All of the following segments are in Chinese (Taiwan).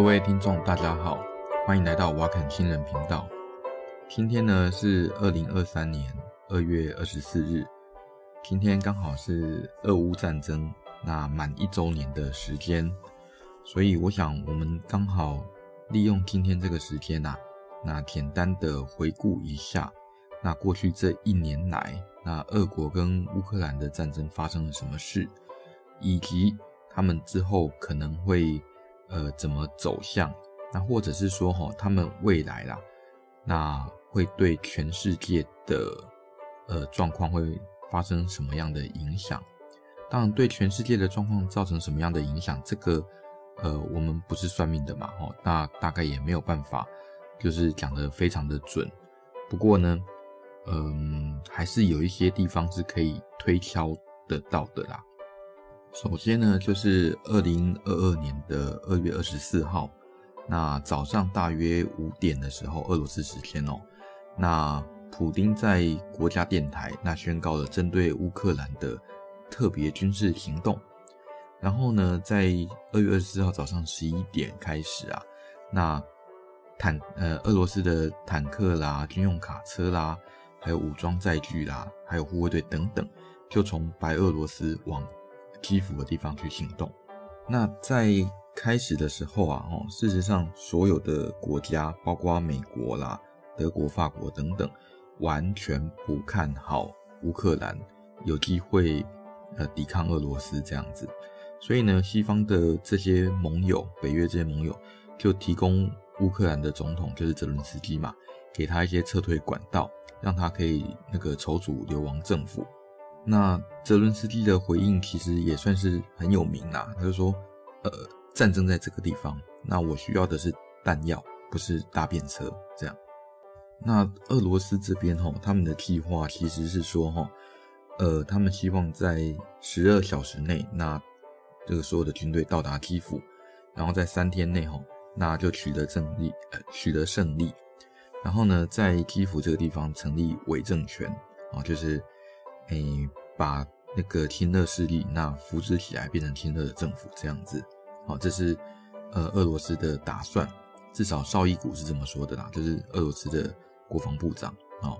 各位聽眾，大家好，歡迎來到瓦肯新人頻道。今天呢是二零二三年二月二十四日，今天剛好是俄烏戰爭那滿一周年的時間，所以我想我們剛好利用今天這個時間啊，那簡單的回顧一下那過去這一年來那俄國跟烏克蘭的戰爭發生了什麼事，以及他們之後可能會。呃，怎麼走向？那或者是說，齁，他們未來啦，那會對全世界的呃狀況會發生什麼樣的影響？當然，對全世界的狀況造成什麼樣的影響，這個呃，我們不是算命的嘛，吼，那大概也沒有辦法，就是講的非常的準。不過呢，嗯、呃，還是有一些地方是可以推敲得到的啦。首先呢，就是二零二二年的二月二十四號，那早上大約五點的時候，俄羅斯時間哦、喔，那普丁在國家電台那宣告了針對烏克蘭的特別軍事行動。然後呢，在二月二十四號早上十一點開始啊，那坦呃俄羅斯的坦克啦、軍用卡車啦、還有武裝載具啦、還有護衛隊等等，就從白俄羅斯往。基輔的地方去行動。那在開始的時候啊，哦，事實上所有的國家，包括美國啦、德國、法國等等，完全不看好烏克蘭有機會呃抵抗俄羅斯這樣子。所以呢，西方的這些盟友，北約這些盟友，就提供烏克蘭的總統就是澤倫斯基嘛，給他一些撤退管道，讓他可以那個籌組流亡政府。那澤倫斯基的回應其實也算是很有名啦，他就說：“呃，戰爭在這個地方，那我需要的是彈藥，不是搭便車。”這樣。那俄羅斯這邊吼、哦，他們的計劃其實是說、哦，吼，呃，他們希望在十二小時內，那這個所有的軍隊到達基輔，然後在三天內、哦，吼，那就取得勝利、呃，取得勝利。然後呢，在基輔這個地方成立偽政權啊，就是。你、欸、把那個親俄勢力那扶持起來，變成親俄的政府這樣子，好、哦，這是呃俄羅斯的打算。至少紹伊古是這麼說的啦，就是俄羅斯的國防部長哦。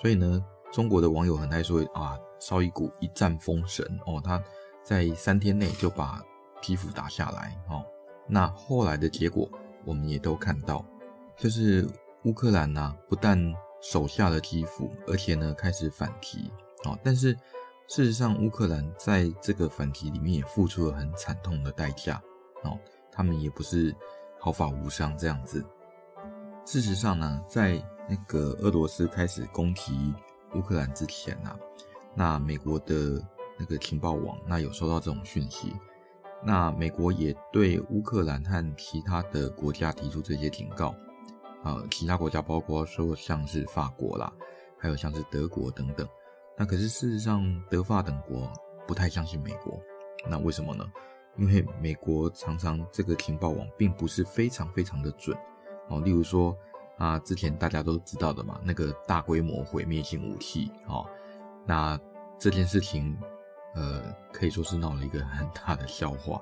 所以呢，中國的網友很愛說啊，紹伊古一戰封神哦，他在三天內就把基輔打下來哦。那後來的結果我們也都看到，就是烏克蘭吶、啊，不但守下了基輔，而且呢，開始反擊。哦，但是事實上，烏克蘭在這個反擊裡面也付出了很慘痛的代價。哦，他們也不是毫髮無傷這樣子。事實上呢，在那個俄羅斯開始攻擊烏克蘭之前啊，那美國的那個情報網那有收到這種訊息，那美國也對烏克蘭和其他的國家提出這些警告。啊、呃，其他國家包括說像是法國啦，還有像是德國等等。那可是事實上，德法等國不太相信美國，那為什麼呢？因為美國常常這個情報網並不是非常非常的準哦。例如說，啊，之前大家都知道的嘛，那個大規模毀滅性武器哦，那這件事情，呃，可以說是鬧了一個很大的笑話。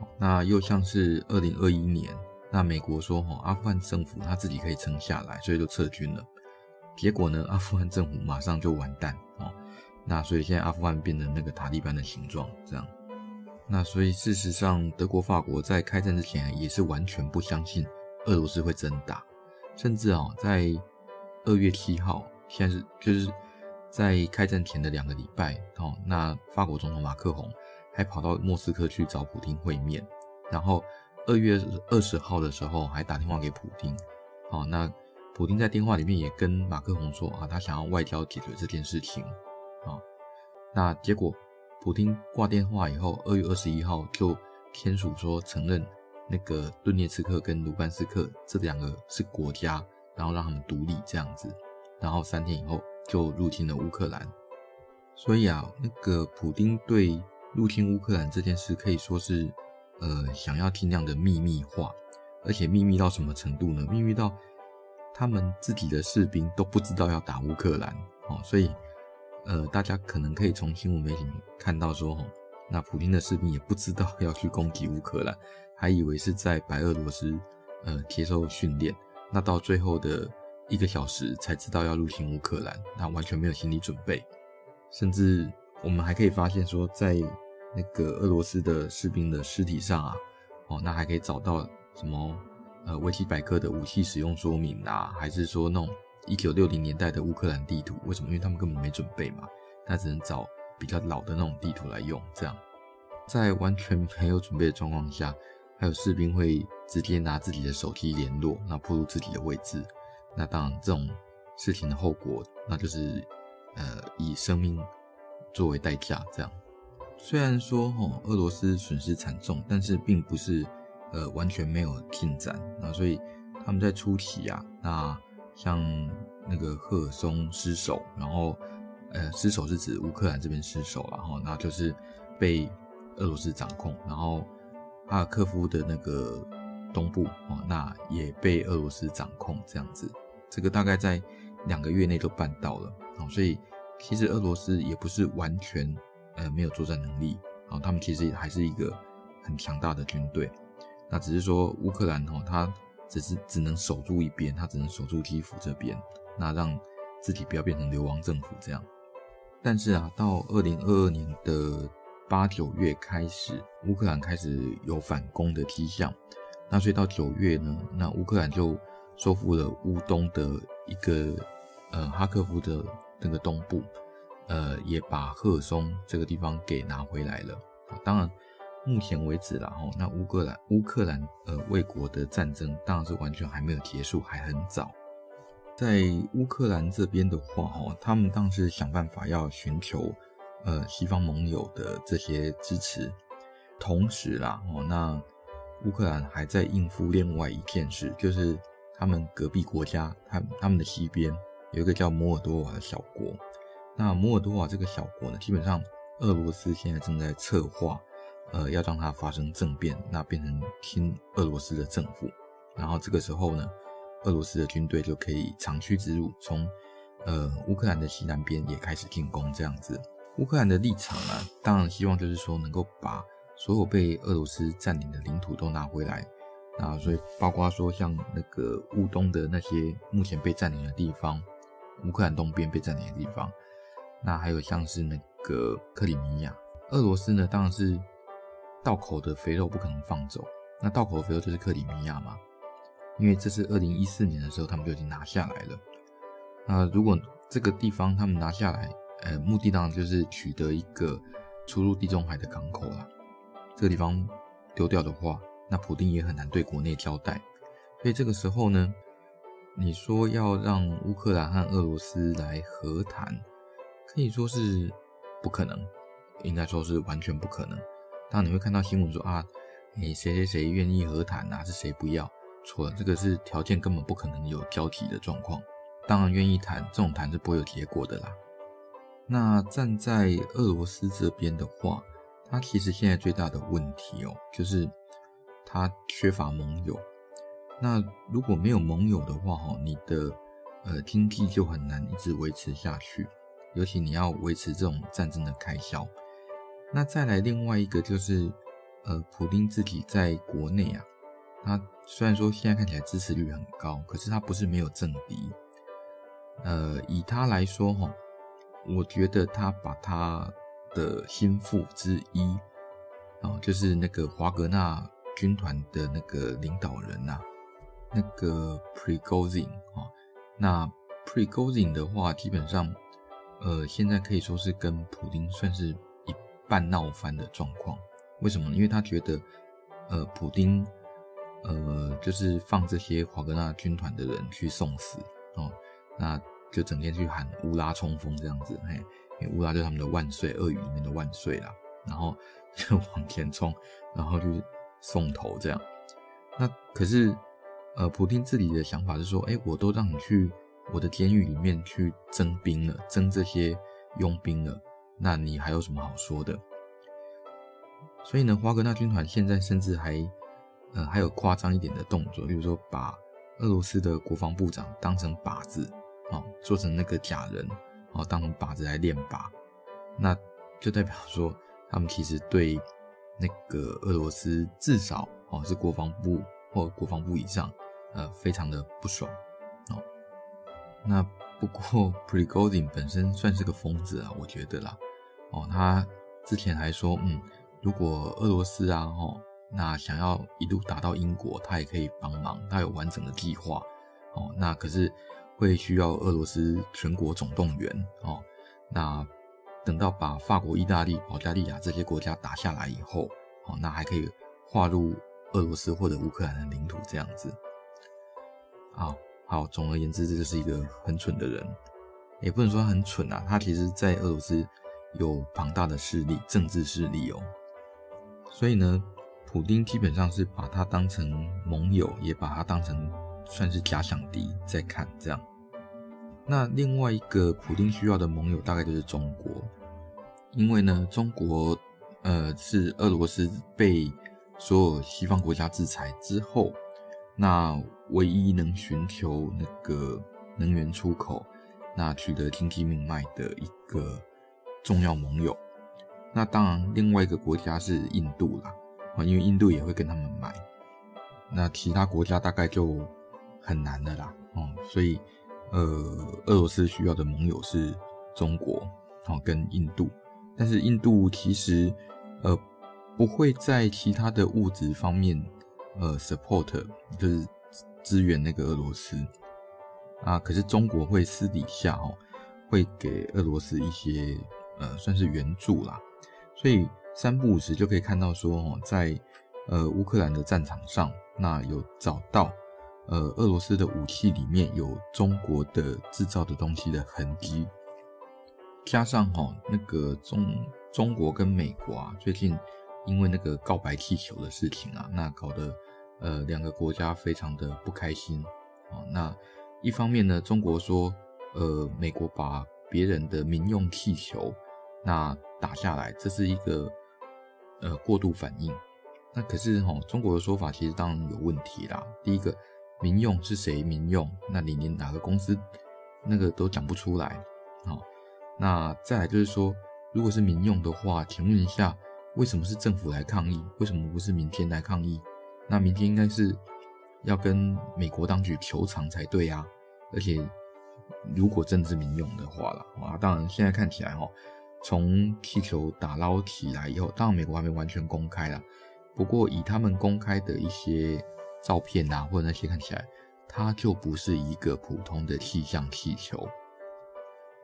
哦，那又像是二零二一年，那美國說哦，阿富汗政府他自己可以撐下來，所以就撤軍了。結果呢？阿富汗政府馬上就完蛋哦。那所以現在阿富汗變成那個塔利班的形狀這樣。那所以事實上，德國、法國在開戰之前也是完全不相信俄羅斯會真打，甚至啊、哦，在二月七號，現在是就是在開戰前的兩個禮拜哦。那法國總統馬克宏還跑到莫斯科去找普丁會面，然後二月二十號的時候還打電話給普丁。好、哦，那。普丁在電話裡面也跟馬克宏說啊，他想要外交解決這件事情啊。那結果，普丁掛電話以後，二月二十一號就簽署說承認那個頓涅茨克跟盧甘斯克這兩個是國家，然後讓他們獨立這樣子。然後三天以後就入侵了烏克蘭。所以啊，那個普丁對入侵烏克蘭這件事可以說是，呃，想要儘量的秘密化，而且秘密到什麼程度呢？秘密到。他們自己的士兵都不知道要打烏克蘭哦，所以，呃，大家可能可以從新聞媒體看到說，那普京的士兵也不知道要去攻擊烏克蘭，還以為是在白俄羅斯，呃，接受訓練，那到最後的一個小時才知道要入侵烏克蘭，那完全沒有心理準備，甚至我們還可以發現說，在那個俄羅斯的士兵的屍體上啊，哦，那還可以找到什麼？呃，維基百科的武器使用說明啊，還是說那種一九六零年代的烏克蘭地圖？為什麼？因為他們根本沒準備嘛，他只能找比較老的那種地圖來用。這樣，在完全沒有準備的狀況下，還有士兵會直接拿自己的手機聯絡，那暴露自己的位置。那當然，這種事情的後果，那就是呃，以生命作為代價。這樣，雖然說哈、哦，俄羅斯損失慘重，但是並不是。呃，完全沒有進展啊，然後所以他們在初期啊，那像那個赫爾松失守，然後呃失守是指烏克蘭這邊失守了，然後那就是被俄羅斯掌控，然後哈爾科夫的那個東部啊，那也被俄羅斯掌控，這樣子，這個大概在兩個月內都辦到了啊，所以其實俄羅斯也不是完全呃沒有作戰能力啊，他們其實還是一個很強大的軍隊。那只是說烏克蘭哦，它只是只能守住一邊，它只能守住基輔這邊，那讓自己不要變成流亡政府這樣。但是啊，到二零二二年的八九月開始，烏克蘭開始有反攻的跡象。那所以到九月呢，那烏克蘭就收復了烏東的一個呃哈克夫的那個東部，呃，也把赫松這個地方給拿回來了。當然。目前為止，啦，後那烏克蘭烏克蘭呃衛國的戰爭當然是完全還沒有結束，還很早。在烏克蘭這邊的話，哈，他們當時想辦法要尋求呃西方盟友的這些支持，同時啦，哦、喔、那烏克蘭還在應付另外一件事，就是他們隔壁國家，他們他們的西邊有一個叫摩爾多瓦的小國。那摩爾多瓦這個小國呢，基本上俄羅斯現在正在策劃。呃，要讓它發生政變，那變成親俄羅斯的政府，然後這個時候呢，俄羅斯的軍隊就可以長驅直入，從呃烏克蘭的西南邊也開始進攻。這樣子，烏克蘭的立場啊，當然希望就是說能夠把所有被俄羅斯佔領的領土都拿回來。那所以包括說像那個烏東的那些目前被佔領的地方，烏克蘭東邊被佔領的地方，那還有像是那個克里米亞，俄羅斯呢，當然是。到口的肥肉不可能放走，那到口的肥肉就是克里米亞嘛，因為這是二零一四年的時候他們就已經拿下來了。那如果這個地方他們拿下來，呃，目的當然就是取得一個出入地中海的港口啦。這個地方丟掉的話，那普丁也很難對國內交代。所以這個時候呢，你說要讓烏克蘭和俄羅斯來和談，可以說是不可能，應該說是完全不可能。當然你會看到新聞說啊，你誰誰誰願意和談吶、啊？是誰不要？錯了，這個是條件根本不可能有交集的狀況。當然願意談，這種談是不會有結果的啦。那站在俄羅斯這邊的話，它其實現在最大的問題哦、喔，就是它缺乏盟友。那如果沒有盟友的話、喔，哈，你的呃經濟就很難一直維持下去，尤其你要維持這種戰爭的開銷。那再來另外一個就是，呃，普丁自己在國內啊，他雖然說現在看起來支持率很高，可是他不是沒有政敵。呃，以他來說哈、哦，我覺得他把他的心腹之一啊、呃，就是那個華格納軍團的那個領導人吶，那個普里戈津啊，那普里戈津的話，基本上呃，現在可以說是跟普丁算是。半鬧翻的狀況，為什麼呢？因為他覺得，呃，普丁，呃，就是放這些華格納軍團的人去送死哦，那就整天去喊烏拉衝鋒這樣子，嘿，欸、烏拉就是他們的萬歲，俄語裡面的萬歲啦，然後就往前衝，然後就送頭這樣。那可是，呃，普丁自己的想法是說，哎、欸，我都讓你去我的監獄裡面去徵兵了，徵這些傭兵了。那你還有什麼好說的？所以呢，華格納軍團現在甚至還，呃，還有誇張一點的動作，比如說把俄羅斯的國防部長當成靶子，啊，哦，做成那個假人，然後當成靶子來練靶，那就代表說他們其實對那個俄羅斯至少啊，哦，是國防部或國防部以上，呃，非常的不爽，哦。那不過普里戈金本身算是個瘋子啊，我覺得啦。哦，他之前還說，嗯，如果俄羅斯啊，吼、哦，那想要一路打到英國，他也可以幫忙，他有完整的計劃，哦，那可是會需要俄羅斯全國總動員，哦，那等到把法國、意大利、保加利亞這些國家打下來以後，哦，那還可以劃入俄羅斯或者烏克蘭的領土這樣子，啊、哦，好、哦，總而言之，這就是一個很蠢的人，也不能說很蠢啊，他其實在俄羅斯。有龐大的勢力，政治勢力哦，所以呢，普丁基本上是把他當成盟友，也把他當成算是假想敵在看。這樣，那另外一個普丁需要的盟友大概就是中國，因為呢，中國呃是俄羅斯被所有西方國家制裁之後，那唯一能尋求那個能源出口，那取得經濟命脈的一個。重要盟友，那當然，另外一個國家是印度啦，因為印度也會跟他們買。那其他國家大概就很難的啦，嗯，所以，呃，俄羅斯需要的盟友是中國，嗯，跟印度。但是印度其實，呃，不會在其他的物質方面，呃，support，就是支援那個俄羅斯。啊，可是中國會私底下，喔，哦，會給俄羅斯一些。呃，算是援助啦，所以三不五時就可以看到說、哦，在呃烏克蘭的戰場上，那有找到呃俄羅斯的武器裡面有中國的制造的東西的痕跡，加上齁、哦、那個中中國跟美國啊，最近因為那個告白氣球的事情啊，那搞得呃兩個國家非常的不開心、哦、那一方面呢，中國說呃美國把別人的民用氣球。那打下來，這是一個呃過度反應。那可是哈，中國的說法其實當然有問題啦。第一個，民用是誰民用？那你連哪個公司那個都講不出來。好，那再來就是說，如果是民用的話，請問一下，為什麼是政府來抗議？為什麼不是民間來抗議？那民間應該是要跟美國當局求償才對呀、啊。而且，如果政治民用的話了啊，當然現在看起來哈。從氣球打撈起來以後，當然美國還沒完全公開了。不過以他們公開的一些照片啊，或者那些看起來，它就不是一個普通的氣象氣球。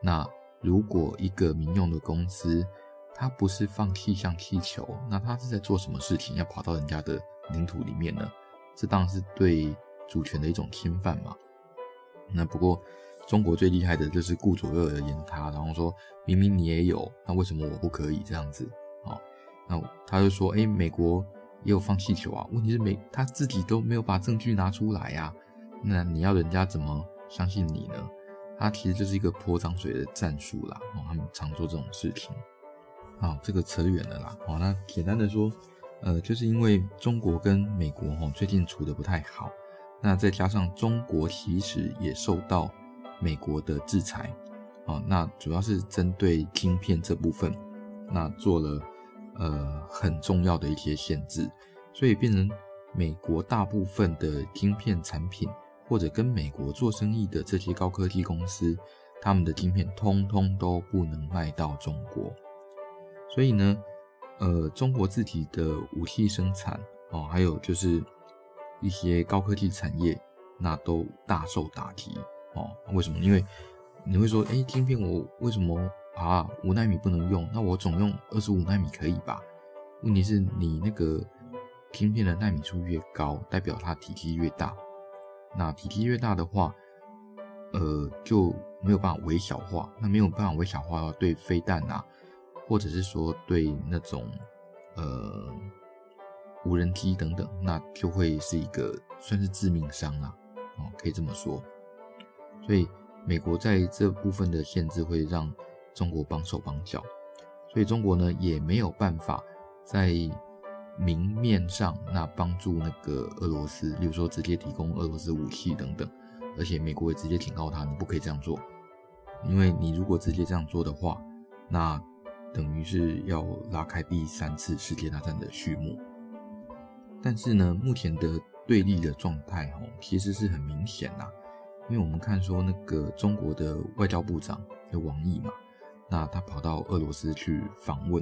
那如果一個民用的公司，它不是放氣象氣球，那它是在做什麼事情？要跑到人家的領土裡面呢？這當然是對主權的一種侵犯嘛。那不過，中國最厲害的就是顧左右而言他，然後說明明你也有，那為什麼我不可以這樣子？哦，那他就說，哎，美國也有放氣球啊，問題是美他自己都沒有把證據拿出來呀、啊，那你要人家怎麼相信你呢？他其實就是一個潑髒水的戰術啦，哦，他們常做這種事情。好、哦，這個扯遠了啦，哦，那簡單的說，呃，就是因為中國跟美國哦最近處得不太好，那再加上中國其實也受到。美國的制裁啊，那主要是針對晶片這部分，那做了呃很重要的一些限制，所以變成美國大部分的晶片產品，或者跟美國做生意的這些高科技公司，他們的晶片通通都不能賣到中國。所以呢，呃，中國自己的武器生產哦，還有就是一些高科技產業，那都大受打擊。哦，為什麼？因為你會說，哎、欸，晶片我為什麼啊五納米不能用？那我總用二十五納米可以吧？問題是，你那個晶片的納米數越高，代表它體積越大。那體積越大的話，呃，就沒有辦法微小化。那沒有辦法微小化的話，對飛彈啊，或者是說對那種呃無人機等等，那就會是一個算是致命傷啦、啊。哦、嗯，可以這麼說。所以美國在這部分的限制會讓中國綁手綁腳，所以中國呢，也沒有辦法在明面上那幫助那個俄羅斯，比如說直接提供俄羅斯武器等等，而且美國也直接警告他，你不可以這樣做，因為你如果直接這樣做的話，那等於是要拉開第三次世界大戰的序幕。但是呢，目前的對立的狀態其實是很明顯的。因為我們看說那個中國的外交部長有、就是、王毅嘛，那他跑到俄羅斯去訪問，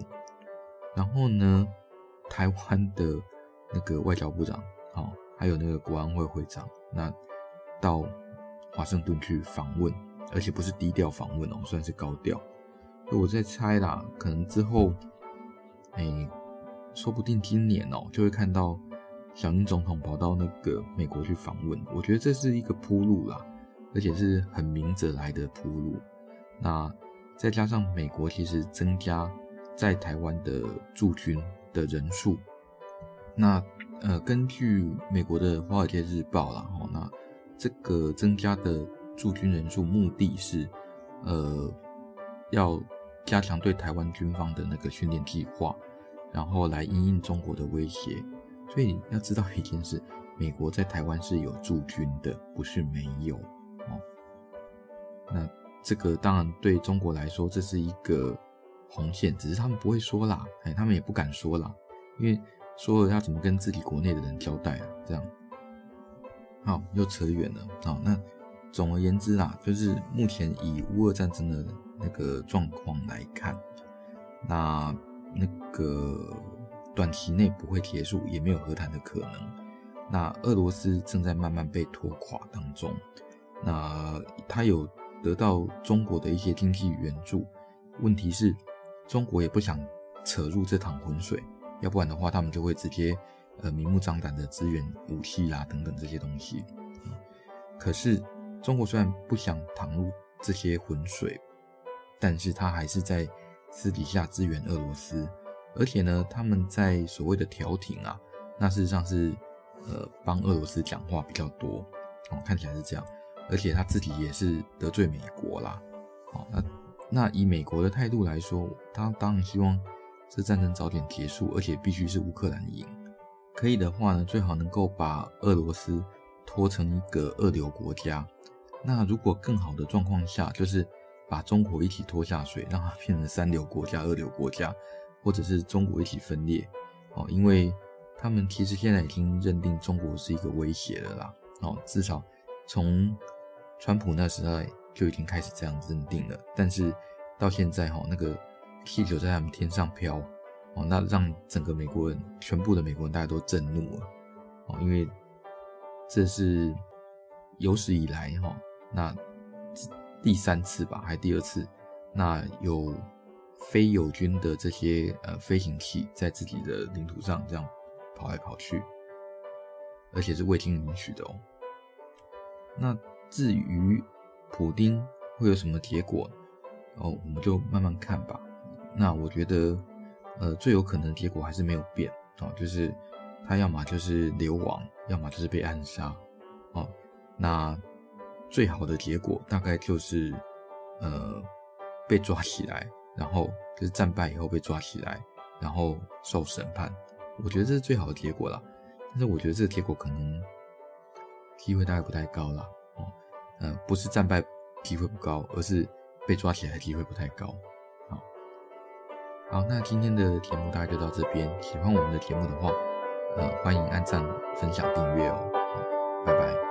然後呢，台灣的那個外交部長哦、喔，還有那個國安會會長，那到華盛頓去訪問，而且不是低調訪問哦、喔，算是高調。所以我在猜啦，可能之後，哎、欸，說不定今年哦、喔，就會看到小英總統跑到那個美國去訪問，我覺得這是一個鋪路啦。而且是很明着來的鋪路，那再加上美國其實增加在台灣的駐軍的人數，那呃，根據美國的《華爾街日報》啦，那這個增加的駐軍人數目的是，呃，要加強對台灣軍方的那個訓練計劃，然後來因應中國的威脅。所以要知道一件事，美國在台灣是有駐軍的，不是沒有。那這個當然對中國來說，這是一個紅線，只是他們不會說啦，哎、欸，他們也不敢說啦，因為說了要怎麼跟自己國內的人交代啊？這樣，好，又扯遠了。好，那總而言之啦、啊，就是目前以烏俄戰爭的那個狀況來看，那那個短期內不會結束，也沒有和談的可能。那俄羅斯正在慢慢被拖垮當中，那他有。得到中國的一些經濟援助，問題是，中國也不想扯入這趟渾水，要不然的話，他們就會直接，呃，明目張膽的支援武器啊等等這些東西。嗯，可是，中國雖然不想淌入這些渾水，但是他還是在私底下支援俄羅斯，而且呢，他們在所謂的調停啊，那事實上是，呃，幫俄羅斯講話比較多，哦，看起來是這樣。而且他自己也是得罪美國啦，哦，那那以美國的態度來說，他當然希望這戰爭早點結束，而且必須是烏克蘭贏。可以的話呢，最好能夠把俄羅斯拖成一個二流國家。那如果更好的狀況下，就是把中國一起拖下水，讓它變成三流國家、二流國家，或者是中國一起分裂。哦，因為他們其實現在已經認定中國是一個威脅了啦。哦，至少從川普那時候就已經開始這樣認定了，但是到現在哈、喔，那個氣球在他們天上飄，哦、喔，那讓整個美國人，全部的美國人，大家都震怒了，哦、喔，因為這是有史以來哈、喔，那第三次吧，還是第二次，那有非友軍的這些呃飛行器在自己的領土上這樣跑來跑去，而且是未經允許的哦、喔，那。至於普丁會有什麼結果，哦，我們就慢慢看吧。那我覺得，呃，最有可能的結果還是沒有變哦，就是他要麼就是流亡，要麼就是被暗殺，哦。那最好的結果大概就是，呃，被抓起來，然後就是戰敗以後被抓起來，然後受審判。我覺得這是最好的結果了，但是我覺得這個結果可能機會大概不太高了。嗯、呃，不是戰敗機會不高，而是被抓起來的機會不太高。好好，那今天的節目大概就到這邊。喜歡我們的節目的話，呃，歡迎按讚、分享、訂閱哦。好，拜拜。